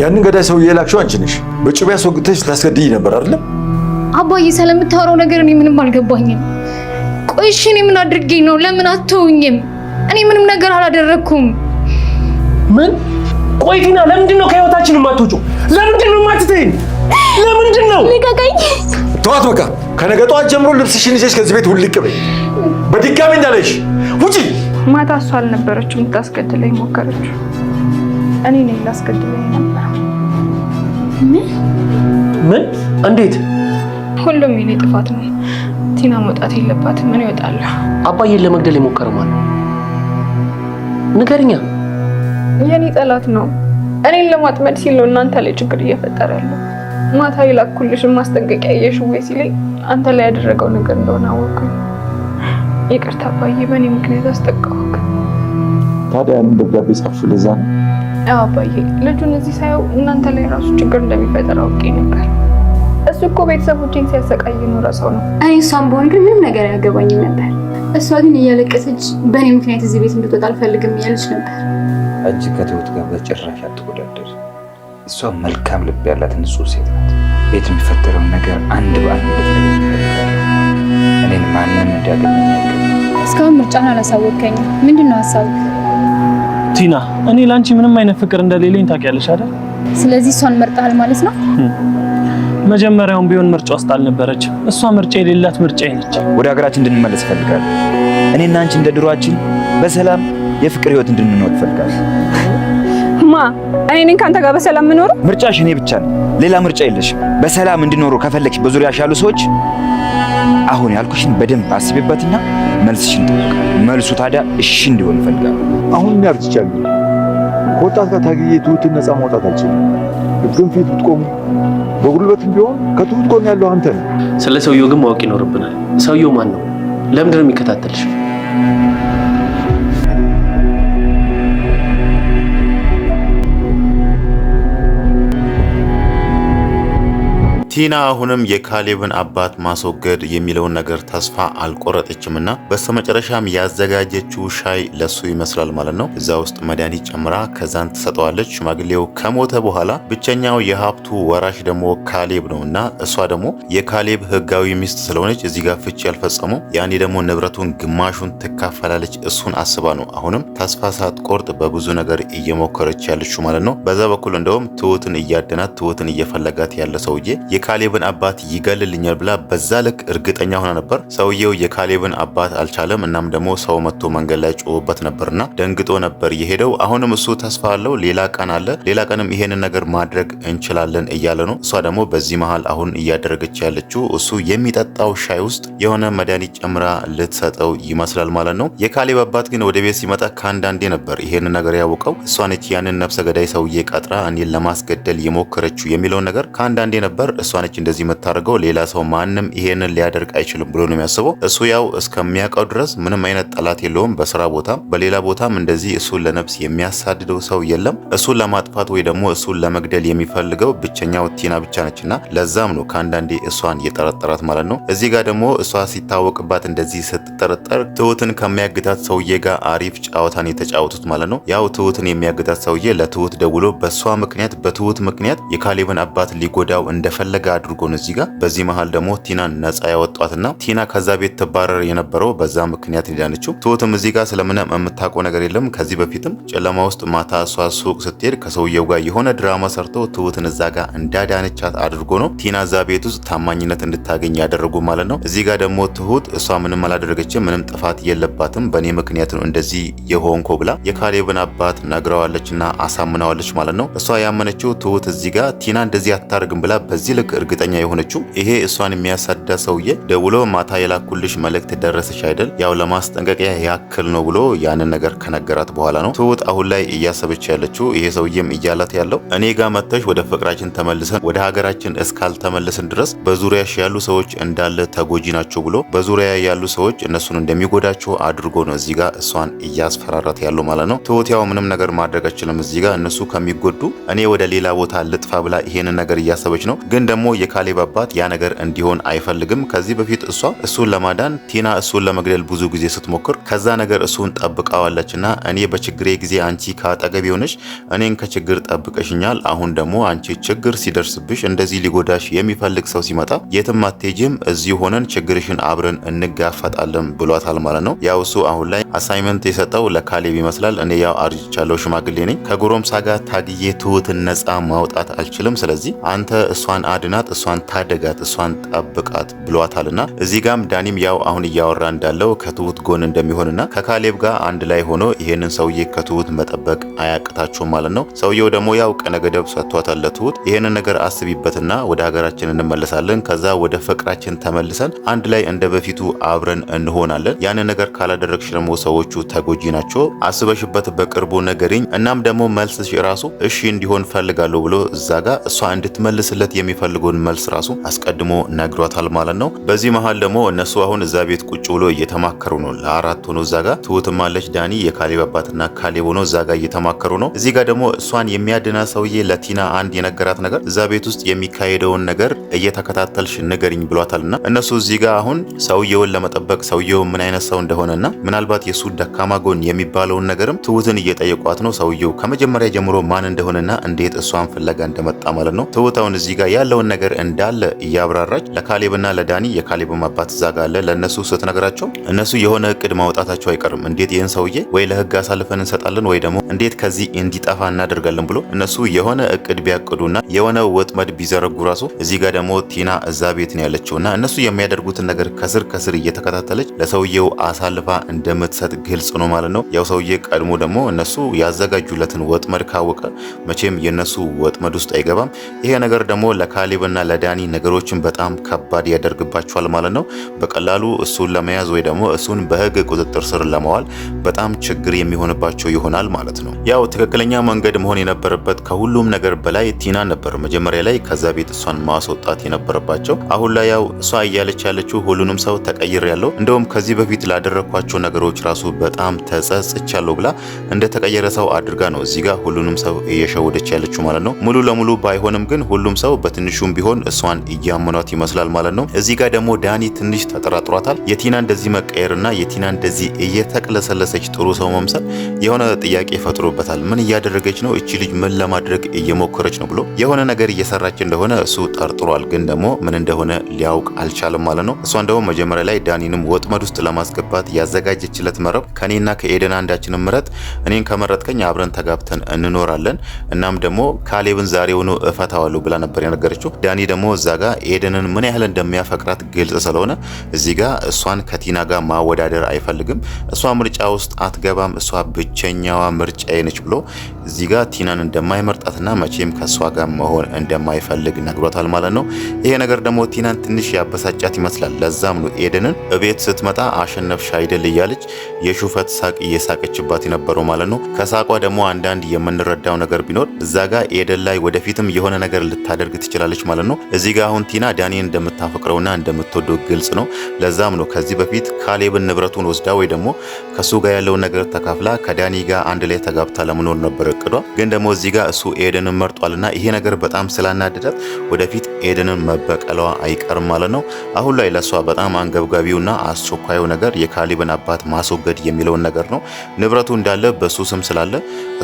ያንን ገዳይ ሰውዬ የላክሽው አንቺ ነሽ። በጩቤ አስወግተሽ ታስገድይ ነበር አይደለም? አባዬ ስለምታወራው ነገር እኔ ምንም አልገባኝም። ቆይ እሺ እኔ ምን አድርጌ ነው? ለምን አትተውኝም? እኔ ምንም ነገር አላደረኩም። ምን? ቆይ ቲና፣ ለምንድን ነው ከህይወታችን የማትወጪው? ለምንድን ነው የማትተይኝ? ለምንድን ነው? ልቀቀኝ። ተዋት በቃ። ከነገ ጠዋት ጀምሮ ልብስሽን ይዘሽ ከዚህ ቤት ውልቅ በይ። በድጋሚ እንዳለሽ ውጪ። ማታ እሷ አልነበረችም፣ ልታስገድለኝ ሞከረች። እኔ ነኝ ላስገድለው የነበረው። ምን ምን? እንዴት? ሁሉም የኔ ጥፋት ነው። ቲና መውጣት የለባትም። ምን ይወጣል? አባዬን ለመግደል የሞከረ ማለት ንገርኛ። የኔ ጠላት ነው። እኔን ለማጥመድ ሲል ነው እናንተ ላይ ችግር እየፈጠረ ያለው። ማታ የላኩልሽን ማስጠንቀቂያ የሽዌ ሲለኝ አንተ ላይ ያደረገው ነገር እንደሆነ አወቅኩኝ። ይቅርታ አባዬ፣ በእኔ ምክንያት አስጠቃሁክ። ታዲያ ምን ደብዳቤ ጻፍሽው? ለዛ ነው አባዬ ልጁን እዚህ ሳየው እናንተ ላይ ራሱ ችግር እንደሚፈጠር አውቄ ነበር። እሱ እኮ ቤተሰቦቼን ሲያሰቃይ የኖረ ሰው ነው። እኔ እሷን በሆን ግን ምንም ነገር አያገባኝም ነበር። እሷ ግን እያለቀሰች በእኔ ምክንያት እዚህ ቤት እንድትወጣ አልፈልግም እያለች ነበር። አንቺ ከትሁት ጋር በጭራሽ አትወዳደር። እሷ መልካም ልብ ያላት ንጹህ ሴት ናት። ቤት የሚፈጠረውን ነገር አንድ በአንድ እኔን ማንም እንዲያገኝ እስካሁን ምርጫን አላሳወቀኝም። ምንድን ነው ሀሳቡ? ቲና፣ እኔ ላንቺ ምንም አይነት ፍቅር እንደሌለኝ ታውቂያለሽ አይደል? ስለዚህ እሷን መርጠሃል ማለት ነው? መጀመሪያውን ቢሆን ምርጫ ውስጥ አልነበረችም። እሷ ምርጫ የሌላት ምርጫ ነች። ወደ ሀገራችን እንድንመለስ እፈልጋለሁ። እኔና አንቺ እንደ ድሯችን በሰላም የፍቅር ህይወት እንድንኖር እፈልጋለሁ። ማ እኔ ነኝ ካንተ ጋር በሰላም ምኖር? ምርጫሽ እኔ ብቻ ነኝ፣ ሌላ ምርጫ የለሽም። በሰላም እንድኖሩ ከፈለግሽ በዙሪያሽ ያሉ ሰዎች አሁን ያልኩሽን በደንብ አስቢበትና መልስሽን ጠብቅ። መልሱ ታዲያ እሺ እንዲሆን ይፈልጋል። አሁን እኔ አርጅቻለሁ። ከወጣት ጋር ታግዬ ትሁትን ነፃ ማውጣት አልችልም። ህግም ፊት ብትቆሙ በጉልበትም ቢሆን ከትሁት ጎን ያለው አንተ ነው። ስለ ሰውየው ግን ማወቅ ይኖርብናል። ሰውየው ማን ነው? ለምንድን ነው የሚከታተልሽ? ቲና አሁንም የካሌብን አባት ማስወገድ የሚለውን ነገር ተስፋ አልቆረጠችምና በስተመጨረሻም ያዘጋጀችው ሻይ ለሱ ይመስላል ማለት ነው። እዛ ውስጥ መድኃኒት ጨምራ ከዛን ትሰጠዋለች። ሽማግሌው ከሞተ በኋላ ብቸኛው የሀብቱ ወራሽ ደግሞ ካሌብ ነው እና እሷ ደግሞ የካሌብ ህጋዊ ሚስት ስለሆነች እዚህ ጋር ፍቺ ያልፈጸመው ያኔ ደግሞ ንብረቱን ግማሹን ትካፈላለች። እሱን አስባ ነው አሁንም ተስፋ ሳትቆርጥ በብዙ ነገር እየሞከረች ያለችው ማለት ነው። በዛ በኩል እንደውም ትሁትን እያደናት ትሁትን እየፈለጋት ያለ ሰውዬ የካሌብን አባት ይገልልኛል ብላ በዛ ልክ እርግጠኛ ሆና ነበር። ሰውየው የካሌብን አባት አልቻለም። እናም ደግሞ ሰው መጥቶ መንገድ ላይ ጮበት ነበርና ደንግጦ ነበር የሄደው። አሁንም እሱ ተስፋ አለው፣ ሌላ ቀን አለ፣ ሌላ ቀንም ይሄንን ነገር ማድረግ እንችላለን እያለ ነው። እሷ ደግሞ በዚህ መሀል አሁን እያደረገች ያለችው እሱ የሚጠጣው ሻይ ውስጥ የሆነ መድኃኒት ጨምራ ልትሰጠው ይመስላል ማለት ነው። የካሌብ አባት ግን ወደ ቤት ሲመጣ ከአንዳንዴ ነበር ይሄንን ነገር ያውቀው እሷ ነች ያንን ነፍሰ ገዳይ ሰውዬ ቀጥራ እኔን ለማስገደል የሞከረችው የሚለውን ነገር ከአንዳንዴ ነበር እሷ ነች እንደዚህ የምታደርገው፣ ሌላ ሰው ማንም ይሄንን ሊያደርግ አይችልም ብሎ ነው የሚያስበው። እሱ ያው እስከሚያውቀው ድረስ ምንም አይነት ጠላት የለውም። በስራ ቦታም በሌላ ቦታም እንደዚህ እሱን ለነፍስ የሚያሳድደው ሰው የለም። እሱን ለማጥፋት ወይ ደግሞ እሱን ለመግደል የሚፈልገው ብቸኛው ቲና ብቻ ነችና ለዛም ነው ከአንዳንዴ እሷን የጠረጠራት ማለት ነው። እዚህ ጋር ደግሞ እሷ ሲታወቅባት እንደዚህ ስትጠረጠር ትሁትን ከሚያግታት ሰውዬ ጋር አሪፍ ጨዋታን የተጫወቱት ማለት ነው። ያው ትሁትን የሚያግታት ሰውዬ ለትሁት ደውሎ በእሷ ምክንያት በትሁት ምክንያት የካሌብን አባት ሊጎዳው እንደፈለገ አድርጎ ነው እዚህ ጋር በዚህ መሀል ደግሞ ቲናን ነፃ ያወጧትና ቲና ከዛ ቤት ትባረር የነበረው በዛ ምክንያት ሊዳነችው ትሁትም እዚህ ጋር ስለምንም የምታውቀው ነገር የለም። ከዚህ በፊትም ጨለማ ውስጥ ማታ እሷ ሱቅ ስትሄድ ከሰውየው ጋር የሆነ ድራማ ሰርቶ ትሁትን እዛ ጋር እንዳዳነቻት አድርጎ ነው ቲና እዛ ቤት ውስጥ ታማኝነት እንድታገኝ ያደረጉ ማለት ነው። እዚህ ጋር ደግሞ ትሁት እሷ ምንም አላደረገችም፣ ምንም ጥፋት የለባትም፣ በእኔ ምክንያት ነው እንደዚህ የሆንኮ ብላ የካሌብን አባት ነግረዋለችና አሳምነዋለች ማለት ነው። እሷ ያመነችው ትሁት እዚህ ጋር ቲና እንደዚህ አታርግም ብላ በዚህ ልክ እርግጠኛ የሆነችው ይሄ እሷን የሚያሳዳ ሰውዬ ደውሎ ማታ የላኩልሽ መልእክት ደረሰች አይደል? ያው ለማስጠንቀቂያ ያክል ነው ብሎ ያንን ነገር ከነገራት በኋላ ነው ትሁት አሁን ላይ እያሰበች ያለችው። ይሄ ሰውዬም እያላት ያለው እኔ ጋር መጥተሽ ወደ ፍቅራችን ተመልሰን ወደ ሀገራችን እስካልተመለስን ድረስ በዙሪያሽ ያሉ ሰዎች እንዳለ ተጎጂ ናቸው ብሎ በዙሪያ ያሉ ሰዎች እነሱን እንደሚጎዳቸው አድርጎ ነው እዚህ ጋር እሷን እያስፈራራት ያለው ማለት ነው። ትሁት ያው ምንም ነገር ማድረግ አችልም እዚህ ጋር እነሱ ከሚጎዱ እኔ ወደ ሌላ ቦታ ልጥፋ ብላ ይሄንን ነገር እያሰበች ነው ግን ደግሞ የካሌብ አባት ያ ነገር እንዲሆን አይፈልግም። ከዚህ በፊት እሷ እሱን ለማዳን ቲና እሱን ለመግደል ብዙ ጊዜ ስትሞክር ከዛ ነገር እሱን ጠብቀዋለች እና እኔ በችግሬ ጊዜ አንቺ ከአጠገብ የሆነች እኔን ከችግር ጠብቀሽኛል። አሁን ደግሞ አንቺ ችግር ሲደርስብሽ እንደዚህ ሊጎዳሽ የሚፈልግ ሰው ሲመጣ የትም አትሄጂም፣ እዚህ ሆነን ችግርሽን አብረን እንጋፈጣለን ብሏታል ማለት ነው። ያው እሱ አሁን ላይ አሳይመንት የሰጠው ለካሌብ ይመስላል። እኔ ያው አርጅቻለሁ፣ ሽማግሌ ነኝ፣ ከጎረምሳ ጋር ታግዬ ትሁትን ነፃ ማውጣት አልችልም። ስለዚህ አንተ እሷን አድ አድናት፣ እሷን ታደጋት፣ እሷን ጠብቃት ብሏታልና እዚህ ጋም ዳኒም ያው አሁን እያወራ እንዳለው ከትሁት ጎን እንደሚሆንና ከካሌብ ጋር አንድ ላይ ሆኖ ይህንን ሰውዬ ከትሁት መጠበቅ አያቅታችሁም ማለት ነው። ሰውየው ደግሞ ያው ቀነ ገደብ ሰጥቷታል ለትሁት ይህንን ነገር አስቢበትና ወደ ሀገራችን እንመለሳለን፣ ከዛ ወደ ፍቅራችን ተመልሰን አንድ ላይ እንደ በፊቱ አብረን እንሆናለን። ያንን ነገር ካላደረግሽ ደግሞ ሰዎቹ ተጎጂ ናቸው፣ አስበሽበት በቅርቡ ነገርኝ። እናም ደግሞ መልስሽ ራሱ እሺ እንዲሆን ፈልጋለሁ ብሎ እዛ ጋር እሷ እንድትመልስለት የሚፈልግ የሚያስፈልገውን መልስ ራሱ አስቀድሞ ነግሯታል ማለት ነው። በዚህ መሀል ደግሞ እነሱ አሁን እዛ ቤት ቁጭ ብሎ እየተማከሩ ነው። ለአራት ሆኖ እዛ ጋር ትሁትም አለች ዳኒ የካሌብ አባትና ካሌብ ሆኖ እዛ ጋር እየተማከሩ ነው። እዚህ ጋር ደግሞ እሷን የሚያድና ሰውዬ ለቲና አንድ የነገራት ነገር እዛ ቤት ውስጥ የሚካሄደውን ነገር እየተከታተልሽ ብሏታል። ብሏታልና እነሱ እዚህ ጋር አሁን ሰውየውን ለመጠበቅ ሰውየው ምን አይነት ሰው እንደሆነና ምናልባት የሱ ደካማ ጎን የሚባለውን ነገርም ትሁትን እየጠየቋት ነው። ሰውየው ከመጀመሪያ ጀምሮ ማን እንደሆነና እንዴት እሷን ፍለጋ እንደመጣ ማለት ነው። ትሁት አሁን እዚህ ጋር ያለውን ያለውን ነገር እንዳለ እያብራራች ለካሌብና ለዳኒ የካሌብም አባት እዛ ጋ አለ ለእነሱ ስትነግራቸው እነሱ የሆነ እቅድ ማውጣታቸው አይቀርም። እንዴት ይህን ሰውዬ ወይ ለህግ አሳልፈን እንሰጣለን ወይ ደግሞ እንዴት ከዚህ እንዲጠፋ እናደርጋለን ብሎ እነሱ የሆነ እቅድ ቢያቅዱና የሆነ ወጥመድ ቢዘረጉ ራሱ እዚህ ጋር ደግሞ ቲና እዛ ቤት ነው ያለችው እና እነሱ የሚያደርጉትን ነገር ከስር ከስር እየተከታተለች ለሰውየው አሳልፋ እንደምትሰጥ ግልጽ ነው ማለት ነው። ያው ሰውዬ ቀድሞ ደግሞ እነሱ ያዘጋጁለትን ወጥመድ ካወቀ መቼም የእነሱ ወጥመድ ውስጥ አይገባም። ይሄ ነገር ደግሞ ለካሌ ለካሌብና ለዳኒ ነገሮችን በጣም ከባድ ያደርግባቸዋል ማለት ነው። በቀላሉ እሱን ለመያዝ ወይ ደግሞ እሱን በህግ ቁጥጥር ስር ለማዋል በጣም ችግር የሚሆንባቸው ይሆናል ማለት ነው። ያው ትክክለኛ መንገድ መሆን የነበረበት ከሁሉም ነገር በላይ ቲና ነበር መጀመሪያ ላይ ከዛ ቤት እሷን ማስወጣት የነበረባቸው። አሁን ላይ ያው እሷ እያለች ያለችው ሁሉንም ሰው ተቀይር ያለው እንደውም ከዚህ በፊት ላደረግኳቸው ነገሮች ራሱ በጣም ተጸጽቻለሁ ብላ እንደ ተቀየረ ሰው አድርጋ ነው እዚህ ጋር ሁሉንም ሰው እየሸወደች ያለችው ማለት ነው። ሙሉ ለሙሉ ባይሆንም ግን ሁሉም ሰው በትንሹ ሁለቱም ቢሆን እሷን እያመኗት ይመስላል ማለት ነው። እዚህ ጋር ደግሞ ዳኒ ትንሽ ተጠራጥሯታል። የቲና እንደዚህ መቀየርና የቲና እንደዚህ እየተቅለሰለሰች ጥሩ ሰው መምሰል የሆነ ጥያቄ ፈጥሮበታል። ምን እያደረገች ነው እቺ ልጅ? ምን ለማድረግ እየሞከረች ነው ብሎ የሆነ ነገር እየሰራች እንደሆነ እሱ ጠርጥሯል። ግን ደግሞ ምን እንደሆነ ሊያውቅ አልቻለም ማለት ነው። እሷን ደግሞ መጀመሪያ ላይ ዳኒንም ወጥመድ ውስጥ ለማስገባት ያዘጋጀችለት መረብ ከኔና ከኤደን አንዳችንም ምረጥ፣ እኔን ከመረጥከኝ አብረን ተጋብተን እንኖራለን እናም ደግሞ ካሌብን ዛሬውኑ እፈታዋለሁ ብላ ነበር የነገረችው። ዳኒ ደግሞ እዛ ጋ ኤደንን ምን ያህል እንደሚያፈቅራት ግልጽ ስለሆነ እዚህ ጋ እሷን ከቲና ጋር ማወዳደር አይፈልግም። እሷ ምርጫ ውስጥ አትገባም፣ እሷ ብቸኛዋ ምርጫዬ ነች ብሎ እዚህ ጋ ቲናን እንደማይመርጣትና መቼም ከእሷ ጋር መሆን እንደማይፈልግ ነግሯታል ማለት ነው። ይሄ ነገር ደግሞ ቲናን ትንሽ ያበሳጫት ይመስላል። ለዛም ነው ኤደንን እቤት ስትመጣ አሸነፍሽ አይደል እያለች የሹፈት ሳቅ እየሳቀችባት የነበረው ማለት ነው። ከሳቋ ደግሞ አንዳንድ የምንረዳው ነገር ቢኖር እዛ ጋ ኤደን ላይ ወደፊትም የሆነ ነገር ልታደርግ ትችላለች ማለት ነው። እዚህ ጋር አሁን ቲና ዳኒን እንደምታፈቅረውና እንደምትወደው ግልጽ ነው። ለዛም ነው ከዚህ በፊት ካሌብን ንብረቱን ወስዳ ወይ ደግሞ ከሱ ጋር ያለውን ነገር ተካፍላ ከዳኒ ጋር አንድ ላይ ተጋብታ ለመኖር ነበር እቅዷ። ግን ደግሞ እዚህ ጋር እሱ ኤደንን መርጧልና ይሄ ነገር በጣም ስላናደዳት ወደፊት ኤደንን መበቀለዋ አይቀርም ማለት ነው። አሁን ላይ ለሷ በጣም አንገብጋቢውና አስቸኳዩ ነገር የካሊብን አባት ማስወገድ የሚለውን ነገር ነው። ንብረቱ እንዳለ በሱ ስም ስላለ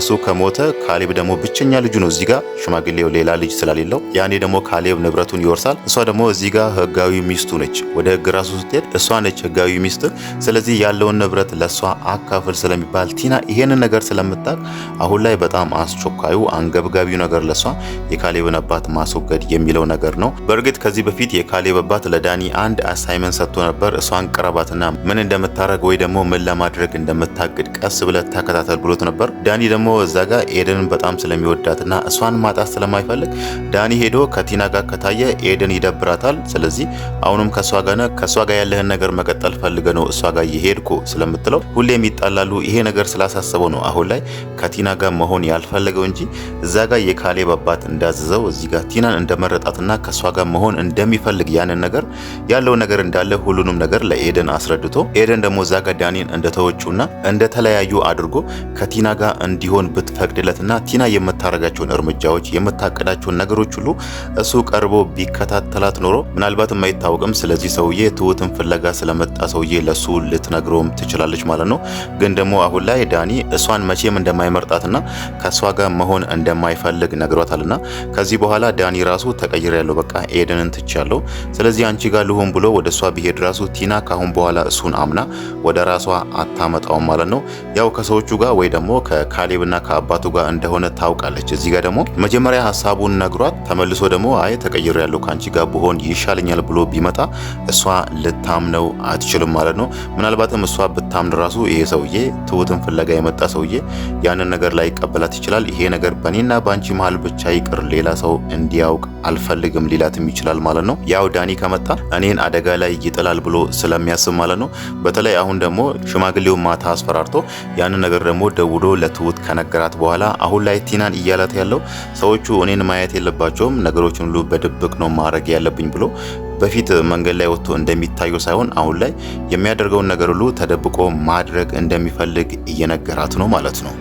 እሱ ከሞተ ካሊብ ደግሞ ብቸኛ ልጁ ነው። እዚህ ጋር ሽማግሌው ሌላ ልጅ ስለሌለው ያኔ ደግሞ ካሌብ ንብረቱን ይወርሳል። እሷ ደግሞ እዚህ ጋር ህጋዊ ሚስቱ ነች። ወደ ህግ ራሱ ስትሄድ እሷ ነች ህጋዊ ሚስት። ስለዚህ ያለውን ንብረት ለእሷ አካፍል ስለሚባል ቲና ይሄንን ነገር ስለምታቅ አሁን ላይ በጣም አስቸኳዩ አንገብጋቢው ነገር ለእሷ የካሌብን አባት ማስወገድ የሚለው ነገር ነው። በእርግጥ ከዚህ በፊት የካሌብ አባት ለዳኒ አንድ አሳይመንት ሰጥቶ ነበር። እሷን ቅረባትና ምን እንደምታደረግ ወይ ደግሞ ምን ለማድረግ እንደምታቅድ ቀስ ብለ ተከታተል ብሎት ነበር። ዳኒ ደግሞ እዛ ጋር ኤደንን በጣም ስለሚወዳትና እሷን ማጣት ስለማይፈልግ ዳኒ ሄዶ ከቲ ከቲና ጋር ከታየ ኤደን ይደብራታል። ስለዚህ አሁንም ከእሷ ጋነ ከእሷ ጋር ያለህን ነገር መቀጠል ፈልገ ነው እሷ ጋር እየሄድኩ ስለምትለው ሁሌም ይጣላሉ። ይሄ ነገር ስላሳሰበው ነው አሁን ላይ ከቲና ጋር መሆን ያልፈለገው እንጂ እዛ ጋር የካሌብ አባት እንዳዘዘው እዚህ ጋር ቲናን እንደመረጣትና ከእሷ ጋር መሆን እንደሚፈልግ ያንን ነገር ያለው ነገር እንዳለ ሁሉንም ነገር ለኤደን አስረድቶ ኤደን ደግሞ እዛ ጋር ዳኒን እንደተወጩና እንደተለያዩ አድርጎ ከቲና ጋር እንዲሆን የምትፈቅድለትና ቲና የምታረጋቸውን እርምጃዎች የምታቀዳቸውን ነገሮች ሁሉ እሱ ቀርቦ ቢከታተላት ኖሮ ምናልባትም አይታወቅም። ስለዚህ ሰውዬ ትሁትን ፍለጋ ስለመጣ ሰውዬ ለሱ ልትነግረውም ትችላለች ማለት ነው። ግን ደግሞ አሁን ላይ ዳኒ እሷን መቼም እንደማይመርጣትና ከእሷ ጋር መሆን እንደማይፈልግ ነግሯታልና ከዚህ በኋላ ዳኒ ራሱ ተቀይር ያለው በቃ ኤደንን ትቻለው፣ ስለዚህ አንቺ ጋር ልሆን ብሎ ወደ እሷ ቢሄድ ራሱ ቲና ካሁን በኋላ እሱን አምና ወደ ራሷ አታመጣውም ማለት ነው። ያው ከሰዎቹ ጋር ወይ ደግሞ ከካሌብና ከአባ ከአባቱ ጋር እንደሆነ ታውቃለች። እዚህ ጋር ደግሞ መጀመሪያ ሀሳቡን ነግሯት ተመልሶ ደግሞ አይ ተቀይሮ ያለው ከአንቺ ጋር ብሆን ይሻለኛል ብሎ ቢመጣ እሷ ልታምነው አትችልም ማለት ነው። ምናልባትም እሷ ብታምድ ራሱ ይሄ ሰውዬ ትሁትን ፍለጋ የመጣ ሰውዬ ያንን ነገር ላይ ይቀበላት ይችላል። ይሄ ነገር በእኔና በአንቺ መሀል ብቻ ይቅር፣ ሌላ ሰው እንዲያውቅ አልፈልግም ሊላትም ይችላል ማለት ነው። ያው ዳኒ ከመጣ እኔን አደጋ ላይ ይጥላል ብሎ ስለሚያስብ ማለት ነው። በተለይ አሁን ደግሞ ሽማግሌው ማታ አስፈራርቶ ያንን ነገር ደግሞ ደውሎ ለትሁት ከነገራት በኋላ አሁን ላይ ቲናን እያላት ያለው ሰዎቹ እኔን ማየት የለባቸውም ነገሮችን ሁሉ በድብቅ ነው ማድረግ ያለብኝ ብሎ በፊት መንገድ ላይ ወጥቶ እንደሚታየው ሳይሆን አሁን ላይ የሚያደርገውን ነገር ሁሉ ተደብቆ ማድረግ እንደሚፈልግ እየነገራት ነው ማለት ነው።